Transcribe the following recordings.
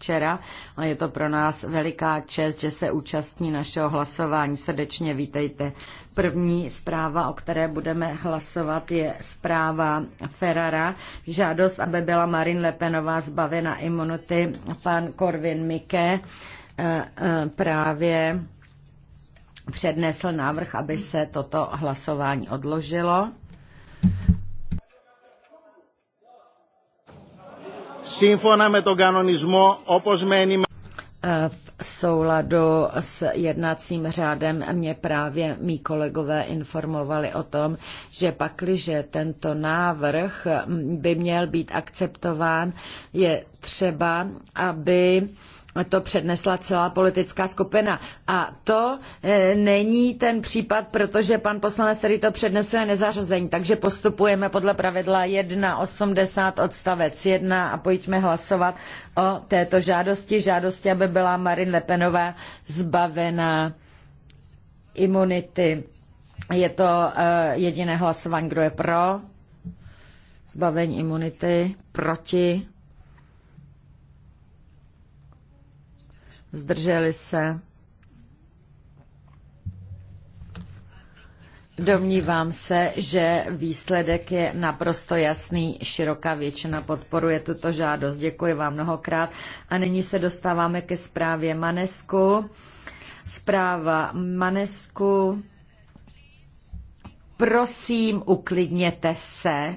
včera a je to pro nás veliká čest, že se účastní našeho hlasování. Srdečně vítejte. První zpráva, o které budeme hlasovat, je zpráva Ferrara. Žádost, aby byla Marin Lepenová zbavena imunity, pan Korvin Mike eh, eh, právě přednesl návrh, aby se toto hlasování odložilo. σύμφωνα με τον κανονισμό όπως με ενημερώνει v souladu s jednacím řádem mě právě mý kolegové informovali o tom, že pakliže tento návrh by měl být akceptován, je třeba, aby to přednesla celá politická skupina. A to e, není ten případ, protože pan poslanec, který to přednesl, je nezařazení. Takže postupujeme podle pravidla 1.80 odstavec 1 a pojďme hlasovat o této žádosti. Žádosti, aby byla Marin Lepenová zbavena imunity. Je to e, jediné hlasování, kdo je pro zbavení imunity, proti zdrželi se. Domnívám se, že výsledek je naprosto jasný. Široká většina podporuje tuto žádost. Děkuji vám mnohokrát. A nyní se dostáváme ke zprávě Manesku. Zpráva Manesku. Prosím, uklidněte se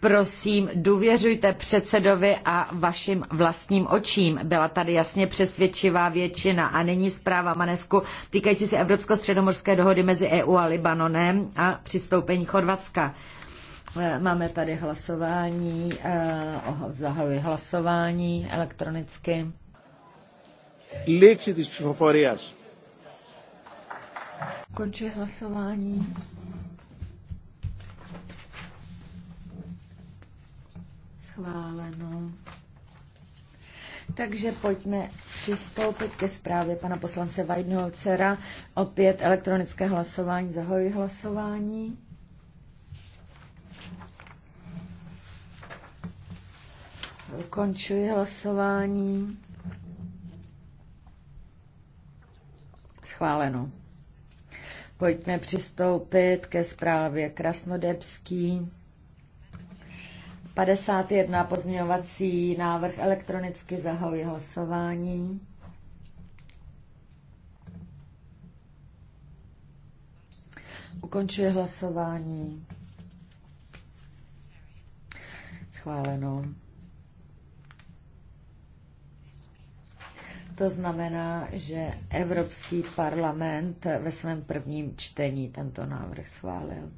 Prosím, důvěřujte předsedovi a vašim vlastním očím. Byla tady jasně přesvědčivá většina a není zpráva Manesku týkající se Evropsko-středomorské dohody mezi EU a Libanonem a přistoupení Chorvatska. E, máme tady hlasování, e, zahajuji hlasování elektronicky. Λήξη Končí hlasování. Schváleno. Takže pojďme přistoupit ke zprávě pana poslance Vajdnolcera. Opět elektronické hlasování. Zahojí hlasování. Ukončuji hlasování. Schváleno. Pojďme přistoupit ke zprávě Krasnodebský. 51 pozměňovací návrh elektronicky zahojí hlasování. Ukončuje hlasování. Schváleno. To znamená, že Evropský parlament ve svém prvním čtení tento návrh schválil.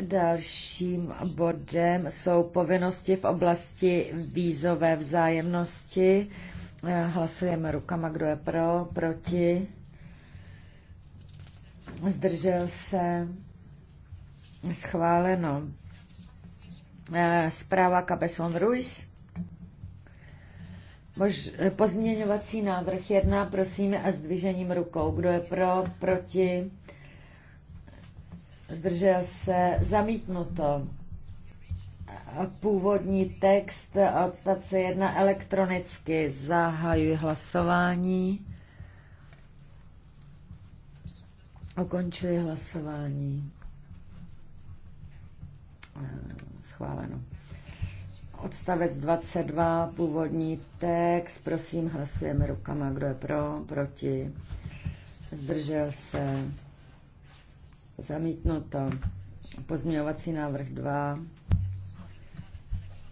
Dalším bodem jsou povinnosti v oblasti vízové vzájemnosti. Eh, hlasujeme rukama, kdo je pro, proti. Zdržel se. Schváleno. Eh, zpráva Cabeson Ruiz. Mož, eh, pozměňovací návrh jedna, prosím, a zdvižením rukou. Kdo je pro, proti? zdržel se, zamítnuto. Původní text odstavce 1 elektronicky. Zahajuji hlasování. Ukončuji hlasování. E, schváleno. Odstavec 22, původní text. Prosím, hlasujeme rukama, kdo je pro, proti. Zdržel se. Zamítnuto. Pozměňovací návrh 2.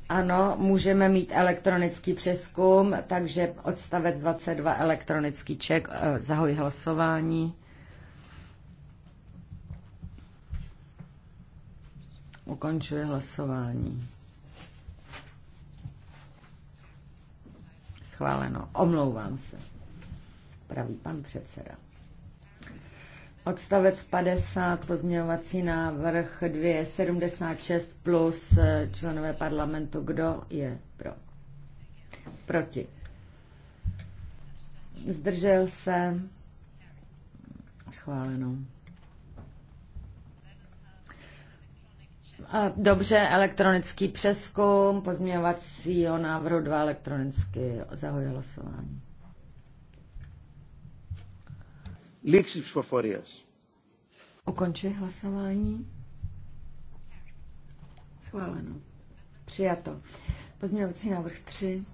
Ano, můžeme mít elektronický přeskum, takže odstavec 22 elektronický ček, eh, zahoj hlasování. Ukončuje hlasování. Schváleno. Omlouvám se, Pravý pan předseda. Odstavec 50, pozměňovací návrh 276 plus eh, členové parlamentu. Kdo je pro? Proti. Zdržel se. Schváleno. Dobře, elektronický přeskum pozměňovacího návrhu 2 elektronicky zahoje hlasování. Λήξη ψηφοφορίας. Ukončuji hlasování. Schváleno. Přijato. Pozměňovací návrh 3.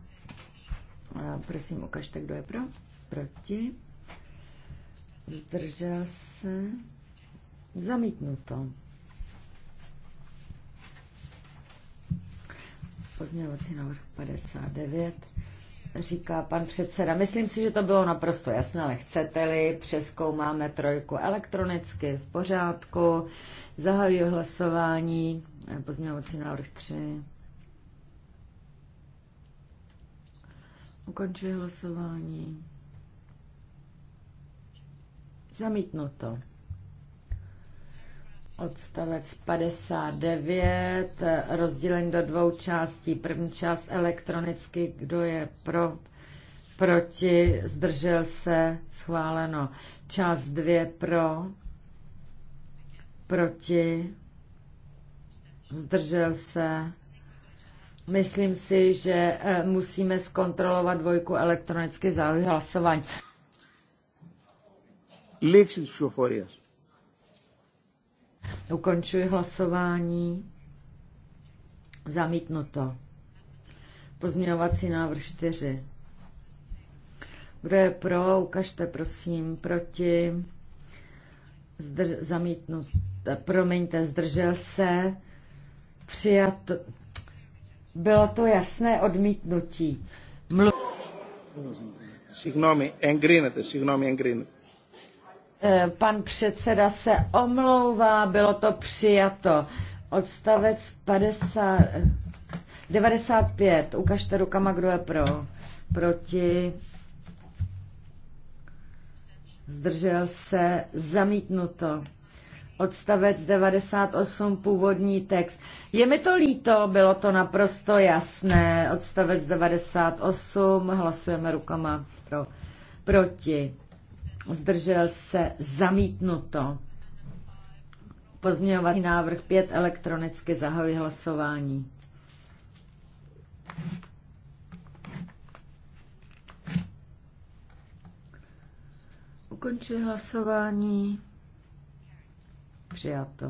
Prosím, ukažte, kdo je pro. Proti. Zdržel se. Zamítnuto. Pozměňovací návrh 59 říká pan předseda. Myslím si, že to bylo naprosto jasné, ale chcete-li, přeskoumáme trojku elektronicky v pořádku. Zahajuji hlasování. Pozměňovací návrh 3. Ukončuji hlasování. Zamítnuto. to. Odstavec 59, rozdělen do dvou částí. První část elektronicky, kdo je pro, proti, zdržel se, schváleno. Část 2 pro, proti, zdržel se. Myslím si, že eh, musíme zkontrolovat dvojku elektronicky za hlasování. Λήξη της ψηφοφορίας. Ukončuji hlasování. Zamítnuto. Pozměňovací návrh 4. Kdo je pro, ukažte prosím. Proti. Zdr- zamítnuto. Promiňte, zdržel se. Přijat. Bylo to jasné odmítnutí. Mlu- Signomi, engrinete, signomi, engrinete. Eh, pan předseda se omlouvá, bylo to přijato. Odstavec 50, 95. Eh, Ukažte rukama, kdo je pro. Proti. Zdržel se. Zamítnuto. Odstavec 98, původní text. Je mi to líto, bylo to naprosto jasné. Odstavec 98, hlasujeme rukama pro, proti zdržel se, zamítnuto. Pozměňovací návrh 5 elektronicky zahajuji hlasování. Ukončuji hlasování. Přijato.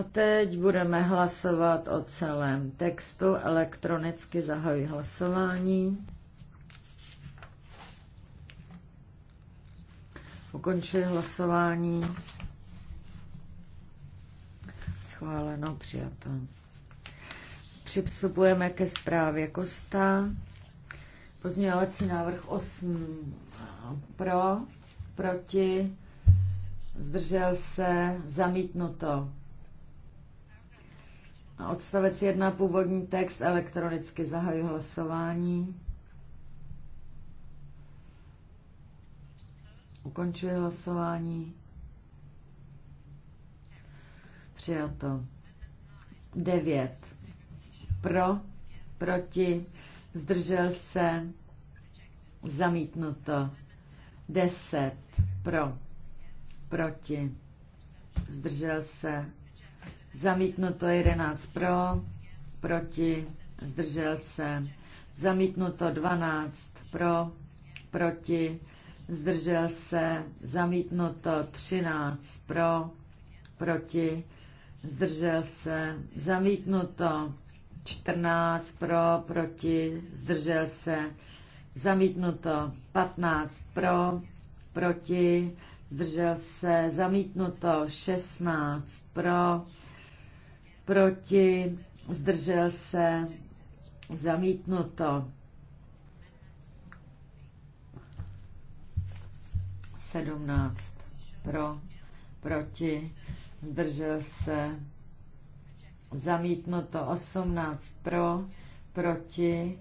A teď budeme hlasovat o celém textu. Elektronicky zahajuji hlasování. Ukončuji hlasování. Schváleno, přijato. Připstupujeme ke zprávě Kosta. Pozměňovací návrh 8 pro, proti, zdržel se, zamítnuto. A odstavec 1, původní text, elektronicky zahajuji hlasování. Ukončuji hlasování. Přijato. 9. Pro, proti, zdržel se, zamítnuto. 10. Pro, proti, zdržel se, zamítnuto. 11. Pro, proti, zdržel se, zamítnuto. 12. Pro, proti, zdržel se, zamítnuto 13 pro, proti, zdržel se, zamítnuto 14 pro, proti, zdržel se, zamítnuto 15 pro, proti, zdržel se, zamítnuto 16 pro, proti, zdržel se, zamítnuto 17 pro, proti, zdržel se, zamítnuto 18 pro, proti,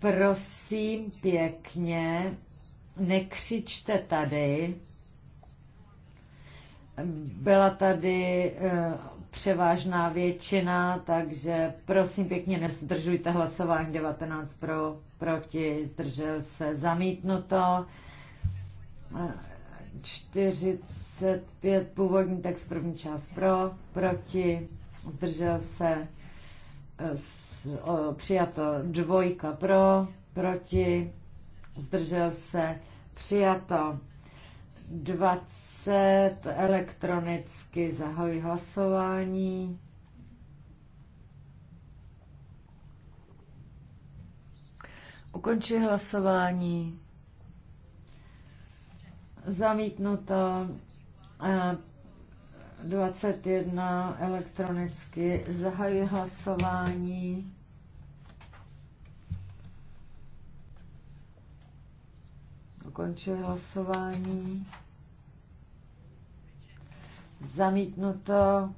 prosím pěkně, nekřičte tady, byla tady eh, převážná většina, takže prosím pěkně nezdržujte hlasování 19 pro, proti, zdržel se zamítnuto. 45 původní text první část pro, proti, zdržel se e, přijato dvojka pro, proti, zdržel se přijato 20 10 elektronicky zahoj hlasování. Ukončuji hlasování. Zamítnuto 21 eh, elektronicky zahajuji hlasování. Ukončuji hlasování. Zamítnuto.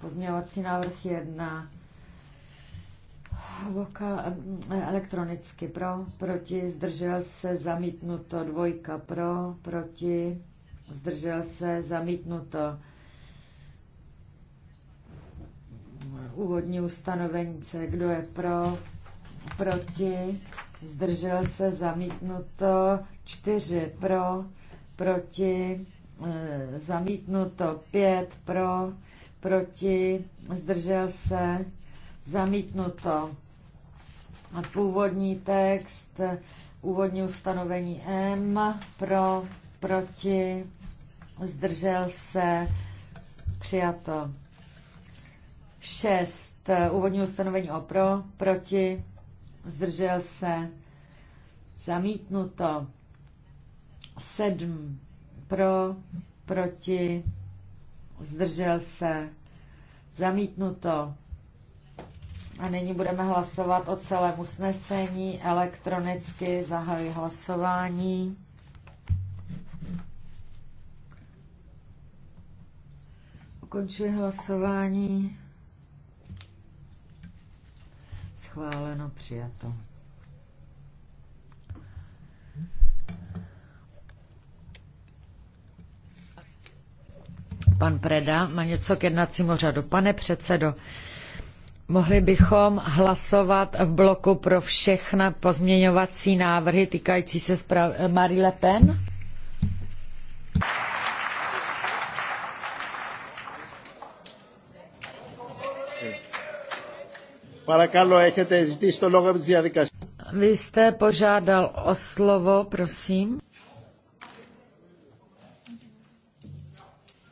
Pozměňovací návrh 1. Voka, eh, elektronicky pro, proti, zdržel se, zamítnuto, dvojka pro, proti, zdržel se, zamítnuto. Úvodní ustanovení C, kdo je pro, proti, zdržel se, zamítnuto, čtyři pro, proti, Eh, zamítnuto 5 pro, proti, zdržel se, zamítnuto původní text, úvodní ustanovení M, pro, proti, zdržel se, přijato 6, úvodní ustanovení o pro, proti, zdržel se, zamítnuto 7, pro, proti, zdržel se, zamítnuto. A nyní budeme hlasovat o celém usnesení elektronicky. Zahajuji hlasování. Ukončuji hlasování. Schváleno, přijato. Pan Preda má něco k jednacímu řadu. Pane předsedo, mohli bychom hlasovat v bloku pro všechna pozměňovací návrhy týkající se spra- Marie Le Pen? Παρακαλώ, έχετε ζητήσει το λόγο από τη διαδικασία. Vy jste požádal o slovo, prosím.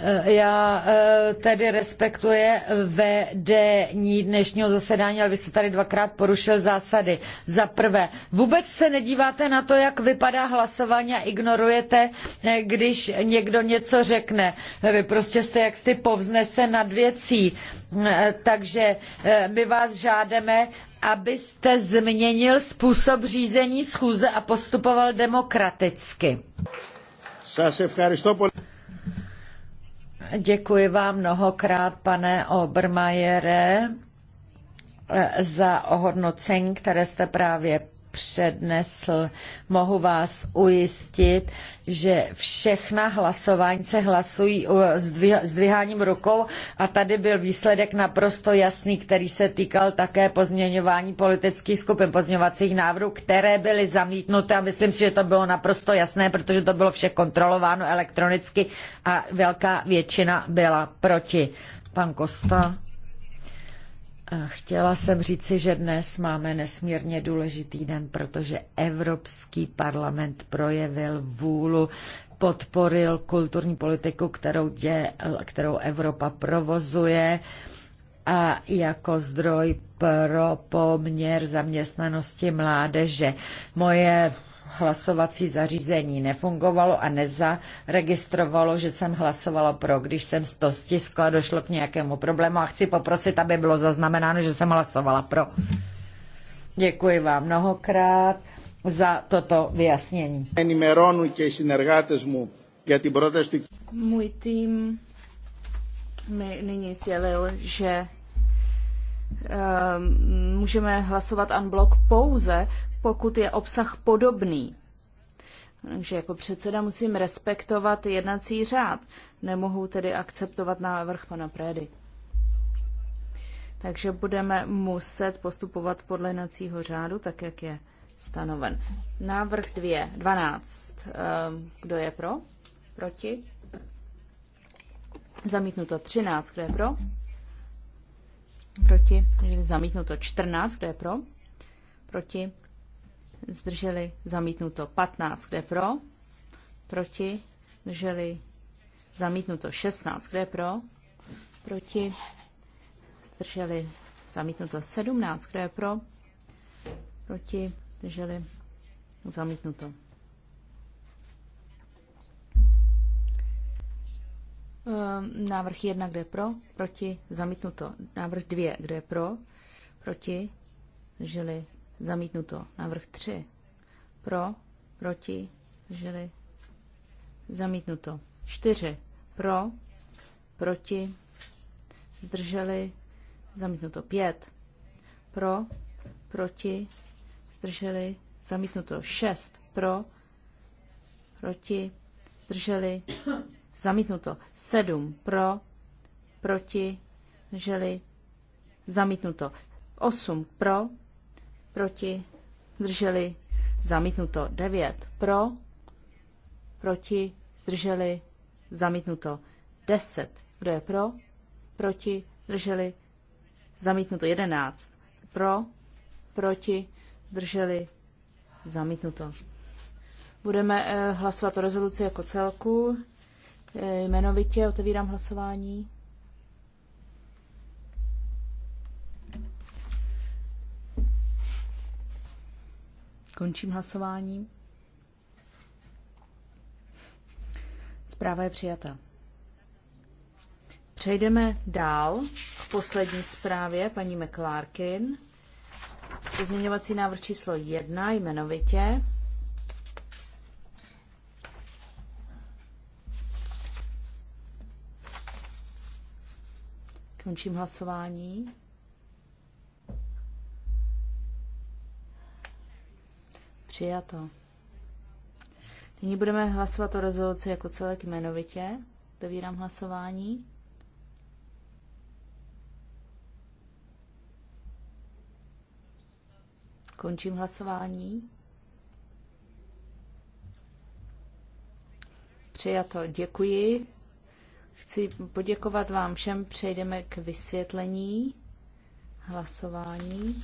Eh, já eh, tedy respektuje vedení dnešního zasedání, ale vy jste tady dvakrát porušil zásady. Za prvé, vůbec se nedíváte na to, jak vypadá hlasování a ignorujete, eh, když někdo něco řekne. Vy prostě jste jak ty povznese nad věcí. Takže my vás žádáme, abyste změnil způsob řízení schůze a postupoval demokraticky. Σας ευχαριστώ Děkuji vám mnohokrát, pane Obermajere, za ohodnocení, které jste právě přednesl. Mohu vás ujistit, že všechna hlasování se hlasují zdviháním uh, rukou a tady byl výsledek naprosto jasný, který se týkal také pozměňování politických skupin pozměňovacích návrhů, které byly zamítnuty a myslím si, že to bylo naprosto jasné, protože to bylo vše kontrolováno elektronicky a velká většina byla proti. Pan Kosta. Chtěla jsem říci, že dnes máme nesmírně důležitý den, protože Evropský parlament projevil vůlu, podporil kulturní politiku, kterou, dě, kterou Evropa provozuje a jako zdroj pro poměr zaměstnanosti mládeže. Moje hlasovací zařízení nefungovalo a nezaregistrovalo, že jsem hlasovala pro. Když jsem to stiskla, došlo k nějakému problému a chci poprosit, aby bylo zaznamenáno, že jsem hlasovala pro. Děkuji vám mnohokrát za toto vyjasnění. Můj tým mi nyní sdělil, že Eh, můžeme hlasovat unblock pouze, pokud je obsah podobný. Takže jako předseda musím respektovat jednací řád. Nemohu tedy akceptovat návrh pana Prédy. Takže budeme muset postupovat podle jednacího řádu, tak jak je stanoven. Návrh 2, 12. Ehm, kdo je pro? Proti? Zamítnuto 13. Kdo je pro? Proti. Zdrželi zamítnuto 14. Kdo je pro? Proti. Zdrželi zamítnuto 15. Kdo je pro? Proti. Zdrželi zamítnuto 16. Kdo je pro? Proti. Zdrželi zamítnuto 17. Kdo je pro? Proti. Zdrželi zamítnuto Ehm, návrh 1, kde je pro, proti, zamítnuto. Návrh 2, kde je pro, proti, žili, zamítnuto. Návrh 3, pro, proti, žili, zamítnuto. 4, pro, proti, zdrželi, zamítnuto. 5, pro, proti, zdrželi, zamítnuto. 6, pro, proti, zdrželi, zamítnuto. sedm pro, proti, drželi, zamítnuto. osm pro, proti, drželi, zamítnuto. devět pro, proti, zdrželi, zamítnuto. Deset. Kdo je pro? Proti, drželi, zamítnuto. jedenáct Pro, proti, drželi, zamítnuto. Budeme eh, hlasovat o rezoluci jako celku. Eh, jmenovitě otevírám hlasování. Končím hlasování. Zpráva je přijata. Přejdeme dál k poslední zprávě paní McClarkin. Pozměňovací návrh číslo 1 jmenovitě. Končím hlasování. Přijato. Nyní budeme hlasovat o rezoluci jako celek jmenovitě. Dovírám hlasování. Končím hlasování. Přijato. Děkuji. Chci poděkovat vám všem. Přejdeme k vysvětlení hlasování.